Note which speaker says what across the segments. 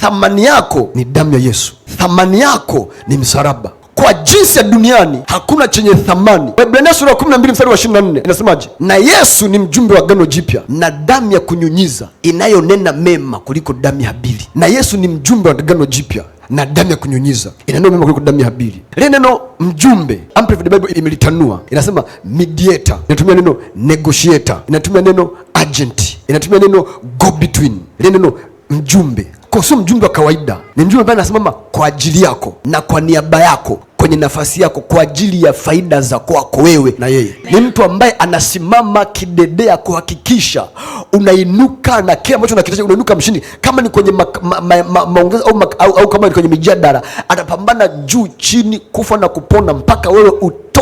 Speaker 1: thamani yako ni damu ya Yesu, thamani yako ni msalaba. Kwa jinsi ya duniani hakuna chenye thamani. Waebrania sura ya 12 mstari wa 24 inasemaje? Na Yesu ni mjumbe wa agano jipya na damu ya kunyunyiza inayonena mema kuliko damu ya Habili. Na Yesu ni mjumbe wa agano jipya na damu ya kunyunyiza inanena mema kuliko damu ya Habili. Ile neno mjumbe, Amplified Bible imelitanua inasema mediator, inatumia neno negotiator, inatumia neno agent, inatumia neno go between. Ile neno mjumbe kwa sio mjumbe wa kawaida, ni mjumbe ambaye anasimama kwa ajili yako na kwa niaba yako kwenye nafasi yako kwa ajili ya faida za kwako wewe na yeye. Ni mtu ambaye anasimama kidedea kuhakikisha unainuka na kile ambacho unakitaka, unainuka mshindi, kama ni kwenye maongezi au, au, au kama ni kwenye mijadala, atapambana juu chini, kufa na kupona mpaka wewe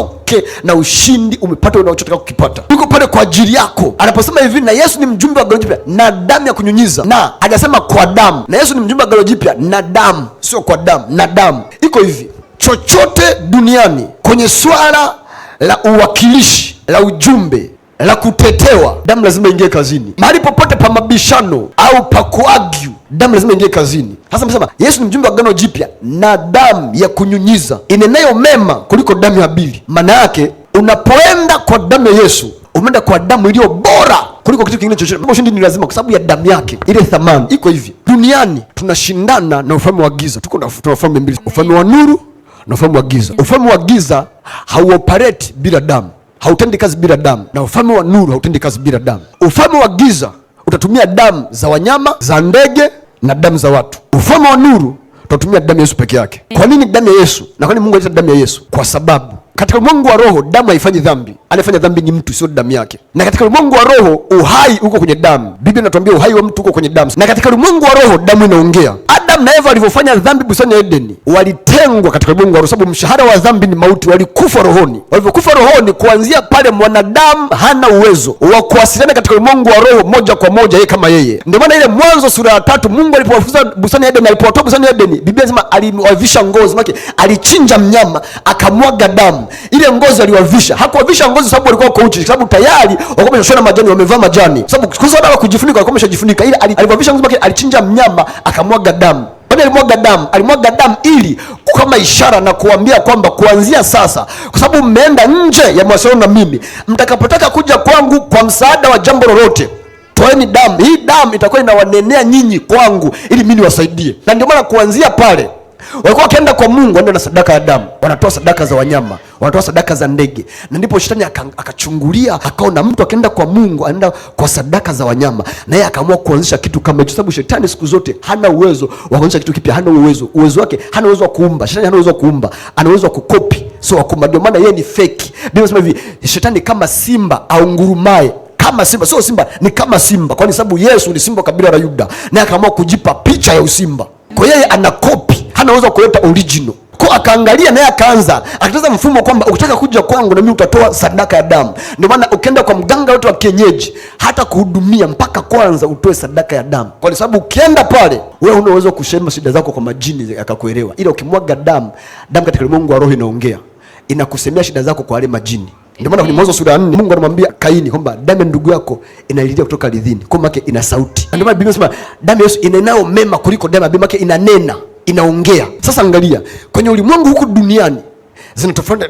Speaker 1: utoke na ushindi umepata unachotaka kukipata. Yuko pale kwa ajili yako. Anaposema hivi, na Yesu ni mjumbe wa agano jipya na damu ya kunyunyiza, na hajasema kwa damu, na Yesu ni mjumbe wa agano jipya na damu, sio kwa damu, na damu. Iko hivi, chochote duniani kwenye swala la uwakilishi la ujumbe la kutetewa, damu lazima ingie kazini. Mahali popote pa mabishano au pa kuagyu, damu lazima ingie kazini. Hasa amesema Yesu ni mjumbe wa agano jipya na damu ya kunyunyiza inenayo mema kuliko damu ya Habili. Maana yake unapoenda kwa damu ya Yesu umeenda kwa damu iliyo bora kuliko kitu kingine chochote. Ushindi ni lazima, kwa sababu ya damu yake, ile thamani iko hivi. Duniani tunashindana na ufalme wa giza, tuko na ufalme mbili, ufalme wa nuru na ufalme wa giza. Ufalme wa giza hauoperate bila damu hautendi kazi bila damu, na ufalme wa nuru hautendi kazi bila damu. Ufalme wa giza utatumia damu za wanyama, za ndege na damu za watu. Ufalme wa nuru utatumia damu ya Yesu peke yake. Kwa nini damu ya Yesu? Na kwa nini Mungu alileta damu ya Yesu? Kwa sababu katika ulimwengu wa roho damu haifanyi dhambi anayefanya dhambi ni mtu, sio damu yake. Na katika ulimwengu wa roho uhai uko kwenye damu. Biblia inatuambia uhai wa mtu uko kwenye damu, na katika ulimwengu wa roho damu inaongea. Adam na Eva walivyofanya dhambi bustani ya Edeni, walitengwa katika ulimwengu wa roho, sababu mshahara wa dhambi ni mauti. Walikufa rohoni. Walivyokufa rohoni, kuanzia pale mwanadamu hana uwezo wa kuwasiliana katika ulimwengu wa roho moja kwa moja yeye kama yeye. Ndio maana ile Mwanzo sura ya tatu, Mungu alipowafuza bustani ya Edeni, alipowatoa bustani ya Edeni, Biblia inasema aliwavisha ngozi, maana alichinja mnyama akamwaga damu, ile ngozi aliwavisha. Hakuwavisha ngozi sababu walikuwa wako uchi, sababu tayari wako mshona majani, wamevaa majani, sababu kuzo baba kujifunika, walikuwa ameshajifunika, ila alipovishwa ngozi yake alichinja mnyama akamwaga damu alimwaga damu, alimwaga damu ili kama ishara na kuambia kwamba kuanzia sasa, kwa sababu mmeenda nje ya mawasiliano na mimi, mtakapotaka kuja kwangu kwa msaada wa jambo lolote toeni damu. Hii damu itakuwa inawanenea nyinyi kwangu, ili mimi niwasaidie, na ndio maana kuanzia pale Walikuwa wakienda kwa Mungu ndio na sadaka ya damu, wanatoa sadaka za wanyama, wanatoa sadaka za ndege, na ndipo shetani akachungulia akaona mtu akienda kwa Mungu anaenda kwa sadaka za wanyama, na yeye akaamua kuanzisha kitu kama hicho, sababu shetani siku zote hana uwezo wa kuanzisha kitu kipya, hana uwezo uwezo wake, hana uwezo wa kuumba. Shetani hana uwezo wa kuumba, ana uwezo wa kukopi, so wa kuumba. Ndio maana yeye ni feki. Biblia inasema hivi, shetani kama simba aungurumaye kama simba, sio simba, ni kama simba, kwa sababu Yesu ni simba kabila la Yuda, naye akaamua kujipa picha ya usimba, kwa yeye anakopi hana uwezo kuleta original ko akaangalia naye akaanza akitaza mfumo kwamba ukitaka kuja kwangu na mimi utatoa sadaka ya damu. Ndio maana ukienda kwa mganga wote wa kienyeji hata kuhudumia mpaka kwanza utoe sadaka ya damu, kwa sababu ukienda pale wewe una uwezo kushema shida zako kwa majini akakuelewa, ila ukimwaga damu, damu katika ulimwengu wa roho inaongea, inakusemea shida zako kwa wale majini. Ndio maana kwenye Mwanzo sura ya 4 Mungu anamwambia Kaini kwamba damu ya ndugu yako inalilia kutoka ardhini, kwa maana ina sauti. Ndio maana Biblia inasema damu ya Yesu inenao mema kuliko damu ya Abeli, maana inanena inaongea. Sasa angalia, kwenye ulimwengu huku duniani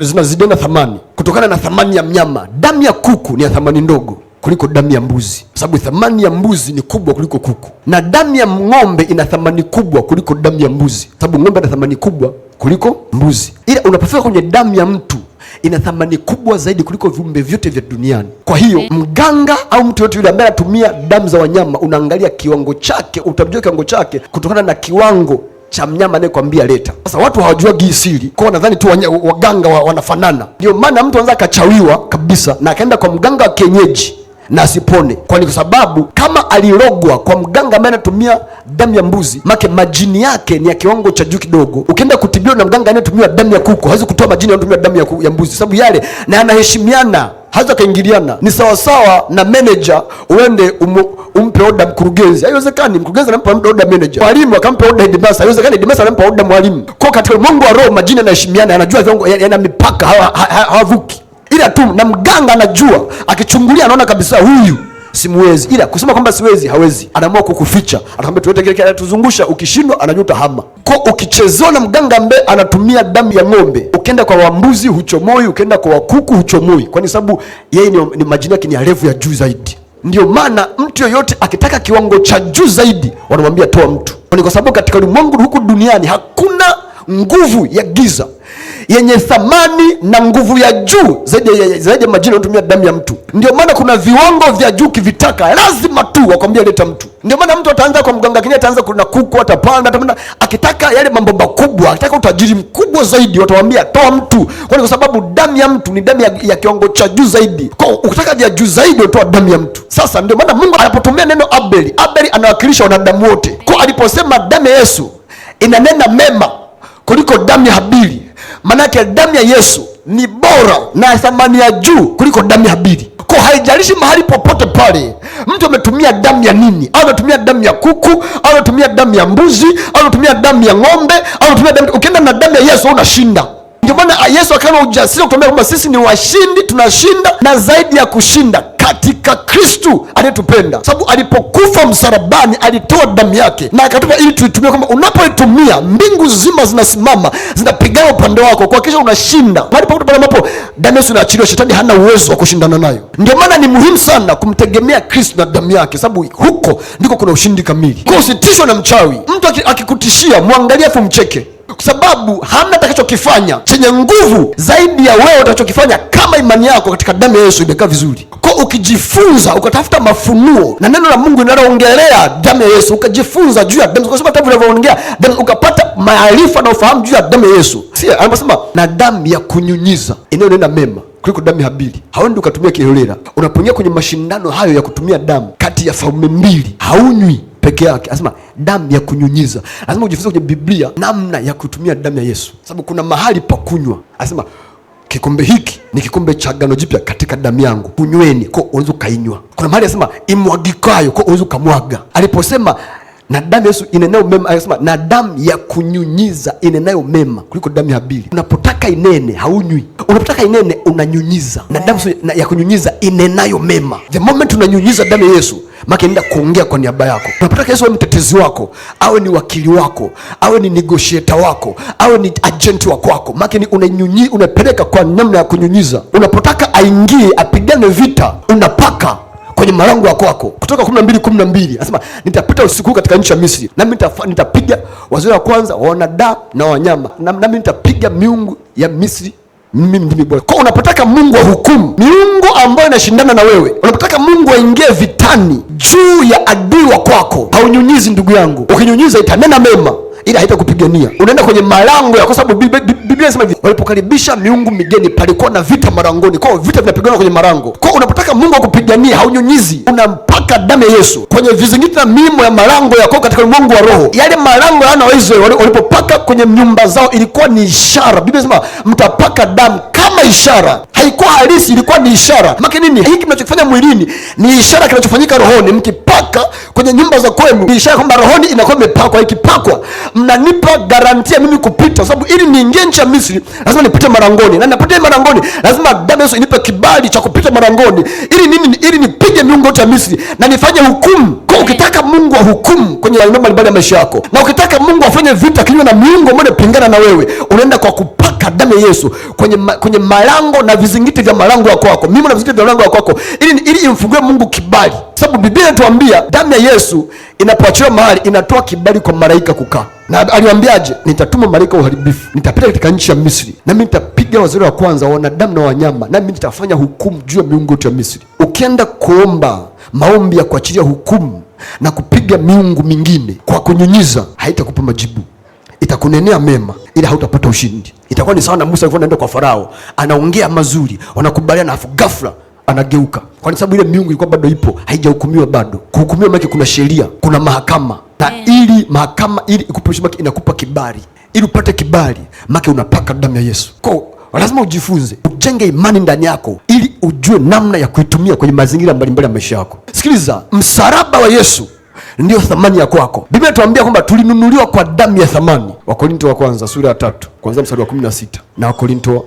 Speaker 1: zinazidiana thamani kutokana na thamani ya mnyama. Damu ya kuku ni ya thamani ndogo kuliko damu ya mbuzi, kwa sababu thamani ya mbuzi ni kubwa kuliko kuku, na damu ya ng'ombe ina thamani kubwa kuliko damu ya mbuzi, sababu ng'ombe ana thamani kubwa kuliko mbuzi. Ila unapofika kwenye damu ya mtu ina thamani kubwa zaidi kuliko viumbe vyote vya duniani. Kwa hiyo mganga au mtu yote yule ambaye anatumia damu za wanyama, unaangalia kiwango chake, utamjua kiwango chake kutokana na kiwango cha mnyama anayekwambia leta. Sasa watu hawajua hii siri, kwa nadhani tu waganga wanafanana. Ndio maana mtu anaweza akachawiwa kabisa na akaenda kwa mganga wa kienyeji na asipone, kwani kwa sababu kama alirogwa kwa mganga ambaye anatumia damu ya mbuzi, make majini yake ni ya kiwango cha juu kidogo. Ukienda kutibiwa na mganga anayetumia damu ya kuku, hawezi kutoa majini anayotumia damu ya, ya mbuzi, sababu yale na anaheshimiana hawezi akaingiliana. Ni sawasawa na meneja uende umu, umpe oda mkurugenzi, haiwezekani. Mkurugenzi anampa oda meneja, mwalimu akampa oda hedimasa, haiwezekani. Hedimasa anampa oda mwalimu. Kwa katika ulimwengu wa roho majini anaheshimiana, anajua viwango, yana mipaka, hawavuki ila tu, na mganga anajua, akichungulia anaona kabisa huyu simwezi, ila kusema kwamba siwezi hawezi, anaamua kukuficha, anakwambia tuwete kile kile, tuzungusha, Ukishindwa anajuta hama ko, ukichezewa na mganga ambaye anatumia damu ya ng'ombe, ukienda kwa wambuzi huchomoi, ukienda kwa wakuku huchomoi, kwani sababu yeye ni, ni majini yake ni ya juu zaidi. Ndiyo maana mtu yoyote akitaka kiwango cha juu zaidi wanamwambia toa mtu, ni kwa sababu katika ulimwengu huku duniani hakuna nguvu ya giza yenye thamani na nguvu ya juu zaidi zaidi ya majina yanayotumia damu ya mtu. Ndio maana kuna viwango vya juu kivitaka, lazima tu wakwambia leta mtu. Ndio maana mtu ataanza kwa mganga, kinyi, ataanza kuna kuku, atapanda atakwenda, akitaka yale mambo makubwa, akitaka utajiri mkubwa zaidi, watamwambia toa mtu, kwani kwa sababu damu ya mtu ni damu ya, ya kiwango cha juu zaidi. Kwa ukitaka vya juu zaidi, utoa damu ya mtu. Sasa ndio maana Mungu anapotumia neno Abeli, Abeli anawakilisha wanadamu wote. Kwa aliposema damu ya Yesu inanena mema kuliko damu ya Habili. Manake damu ya Yesu ni bora na thamani ya juu kuliko damu ya Habili. Kwa haijalishi mahali popote pale mtu ametumia damu ya nini, au ametumia damu ya kuku, au ametumia damu ya mbuzi, au ametumia damu ya ng'ombe, au ametumia damu, ukienda na damu ya Yesu unashinda. Ndio maana Yesu akawa ujasiri kutuambia kwamba sisi ni washindi, tunashinda na zaidi ya kushinda katika Kristu aliyetupenda, sababu alipokufa msalabani alitoa damu yake na akatupa ili tuitumie, kwamba unapoitumia mbingu zima zinasimama zinapigana upande wako kuhakikisha unashinda mahali popote pale ambapo damu Yesu inaachiliwa, shetani hana uwezo wa kushindana nayo. Ndio maana ni muhimu sana kumtegemea Kristu na damu yake, sababu huko ndiko kuna ushindi kamili. Kwa usitishwe na mchawi. Mtu akikutishia mwangalie, afu mcheke kwa sababu hamna atakachokifanya chenye nguvu zaidi ya wewe utakachokifanya kama imani yako katika damu ya Yesu imekaa vizuri ukijifunza ukatafuta mafunuo na neno la Mungu linaloongelea damu ya Yesu, ukajifunza juu ya damu, vinavyoongea ukapata maarifa na ufahamu juu ya damu ya Yesu, si anaposema na damu ya kunyunyiza inayonena mema kuliko damu ya Habili. haundi ukatumia kiholela, unapoingia kwenye mashindano hayo ya kutumia damu kati ya faume mbili, haunywi peke yake, anasema damu ya kunyunyiza. Lazima ujifunze kwenye Biblia namna ya kutumia damu ya Yesu, sababu kuna mahali pa kunywa, anasema kikombe hiki ni kikombe cha agano jipya katika damu yangu, kunyweni. Ko unaweza ukainywa. Kuna mahali anasema imwagikayo, ko unaweza ukamwaga. Aliposema na damu Yesu inenayo mema, anasema na damu ya kunyunyiza inenayo mema kuliko damu ya Habili. Unapotaka inene haunywi, unapotaka inene unanyunyiza, na damu ya kunyunyiza inenayo mema. The moment unanyunyiza damu ya Yesu maki nenda kuongea kwa niaba yako. Unapotaka Yesu awe mtetezi wako, awe ni wakili wako, awe ni negotiator wako, awe ni agent wa kwako, maki ni unanyunyi, unapeleka kwa namna ya kunyunyiza. Unapotaka aingie apigane vita, unapaka kwenye malango ya kwako. Kutoka 12 12 anasema nitapita usiku katika nchi ya Misri, nami nitapiga wazee wa kwanza wa wanadamu na wanyama, nami nitapiga miungu ya Misri. Mimi ndimi Bwana. Kwa unapotaka Mungu ahukumu miungu ambayo inashindana na wewe, unapotaka Mungu aingie vitani juu ya adui wa kwako, haunyunyizi ndugu yangu. Ukinyunyiza itanena mema ila haitakupigania. Unaenda kwenye malango ya, kwa sababu Biblia inasema hivi, walipokaribisha miungu migeni palikuwa na vita marangoni. Kwa hiyo vita vinapigana kwenye marango Kwa hiyo unapotaka Mungu akupigania, haunyunyizi, unampaka damu ya Yesu kwenye vizingiti na mimo ya malango yako katika ulimwengu wa roho. Yale malango ya wana wa Israeli walipopaka kwenye nyumba zao ilikuwa ni ishara. Biblia inasema mtapaka damu kama kama ishara, haikuwa halisi, ilikuwa ni ishara. Maki nini? Hiki mnachofanya mwilini ni ishara, kinachofanyika rohoni, mkipaka kwenye nyumba za kwenu ni ishara kwamba rohoni inakuwa imepakwa. Ikipakwa mnanipa garantia mimi kupita, sababu ili niingie nchi ya Misri lazima nipite marangoni, na napita marangoni, lazima damu Yesu inipe kibali cha kupita marangoni, ili nini? Ili nipige miungo yote ya Misri na nifanye hukumu. Kwa ukitaka Mungu ahukumu kwenye eneo mbalimbali ya maisha yako, na ukitaka Mungu afanye vita kinyume na miungo ambayo inapingana na wewe, unaenda kwa kupaka damu ya Yesu kwenye, kwenye malango na vizingiti vya malango ya kwako, mimi na vizingiti vya malango ya kwako, ili ili imfungue Mungu kibali, sababu Biblia inatuambia damu ya Yesu inapoachiwa mahali inatoa kibali kwa malaika kukaa na aliwambiaje? Nitatuma malaika uharibifu, nitapita katika nchi ya Misri, nami nitapiga waziri wa kwanza wanadamu na wanyama, nami nitafanya hukumu juu ya miungu yote ya Misri. Ukienda kuomba maombi ya kuachilia hukumu na kupiga miungu mingine kwa kunyunyiza, haitakupa majibu, itakunenea mema, ila hautapata ushindi itakuwa ni sawa na Musa alikuwa anaenda kwa Farao, anaongea mazuri, wanakubaliana, afu ghafla anageuka, kwa sababu ile miungu ilikuwa bado ipo, haijahukumiwa bado. Kuhukumiwa maana kuna sheria, kuna mahakama na yeah. ili mahakama ili ikupishe maki inakupa kibali, ili upate kibali maki unapaka damu ya Yesu kwa lazima ujifunze, ujenge imani ndani yako ili ujue namna ya kuitumia kwenye mazingira mbalimbali ya maisha yako. Sikiliza, msalaba wa Yesu ndiyo thamani ya kwako. Biblia inatuambia kwamba tulinunuliwa kwa damu ya thamani, Wakorinto wa kwanza sura ya tatu kuanzia mstari wa kumi na sita na Wakorinto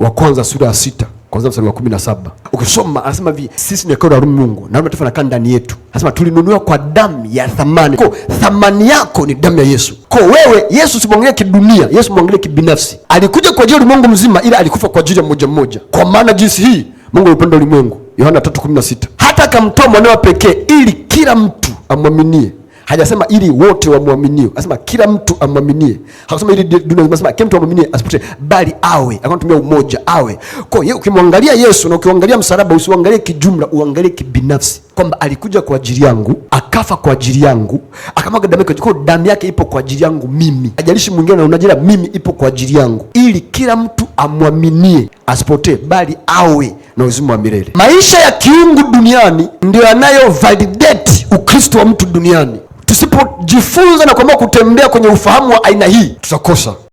Speaker 1: wa kwanza sura ya sita kwanza mstari wa kumi na saba Ukisoma anasema hivi, sisi ni hekalu la Mungu na Roho anakaa ndani yetu. Anasema tulinunuliwa kwa damu ya thamani. Kwa thamani yako ni damu ya Yesu. Kwa wewe Yesu simwangalie kidunia, Yesu mwangalie kibinafsi. Alikuja kwa ajili ya ulimwengu mzima, ila alikufa kwa ajili ya mmoja mmoja. Kwa maana jinsi hii Mungu alipenda ulimwengu, Yohana 3:16 akamtoa mwanawe pekee ili kila mtu amwaminie. Hajasema ili wote wamwaminie, anasema kila mtu amwaminie. Hakusema ili dunia nzima, anasema kila mtu amwaminie asipotee, bali awe. Akatumia umoja, awe. Kwa hiyo ukimwangalia Yesu na ukiangalia msalaba, usiangalie kijumla, uangalie kibinafsi, kwamba alikuja kwa ajili yangu, akafa kwa ajili yangu, akamwaga damu yake. Kwa damu yake ipo kwa ajili yangu mimi, ajalishi mwingine anaona jela, mimi ipo kwa ajili yangu, ili kila mtu amwaminie asipotee, bali awe na uzima wa milele. Maisha ya kiungu duniani ndio yanayo validate ukristo wa mtu duniani. Tusipojifunza na kuamua kutembea kwenye ufahamu wa aina hii, tutakosa